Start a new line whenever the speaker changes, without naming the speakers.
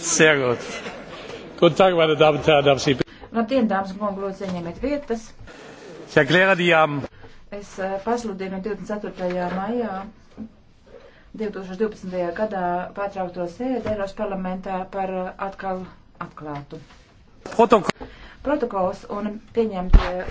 Sehr gut. Guten Tag, meine Damen und Herren, darf Sie.
Labdien, dāmas un kungi, lūdzu, ieņemiet vietas.
Ich erkläre die am.
Es eh, pasludinu 24. maijā 2012. gadā pārtraukto
sēdi Eiropas parlamentā par eh, atkal atklātu. Protokols un pieņemtie